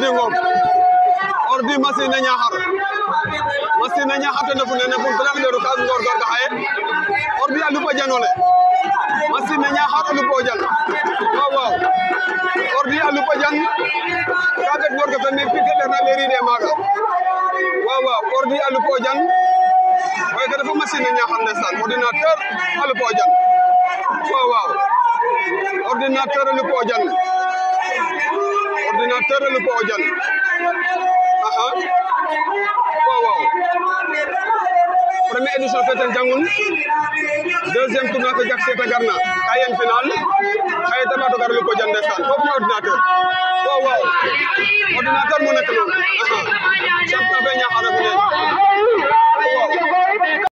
Ordi Ngom Ordi Masina Ñaxar Masina Ñaxar ten refu nene pour tracteur ka ngorgoor ka xaye Ordi a lupa janole Masina Ñaxar a lupo jan waaw waaw Ordi a lupa jan ka ɓek ngor ke fene pike ɗerna ɓeride maaga waaw waaw Ordi a lupo jan oye ke refu Masina Ñaxar ndeysaan ordinateur a lupo jan waaw waaw ordinateur a lupo jan tëralu ko ojan aha waaw waaw première édition feten jangun deuxième tournoi fe jak seta garna ka yen final ka ye tamato garlu ko jan ndeysaan foof no ordinateur waaw waaw ordinateur mu nekk noonu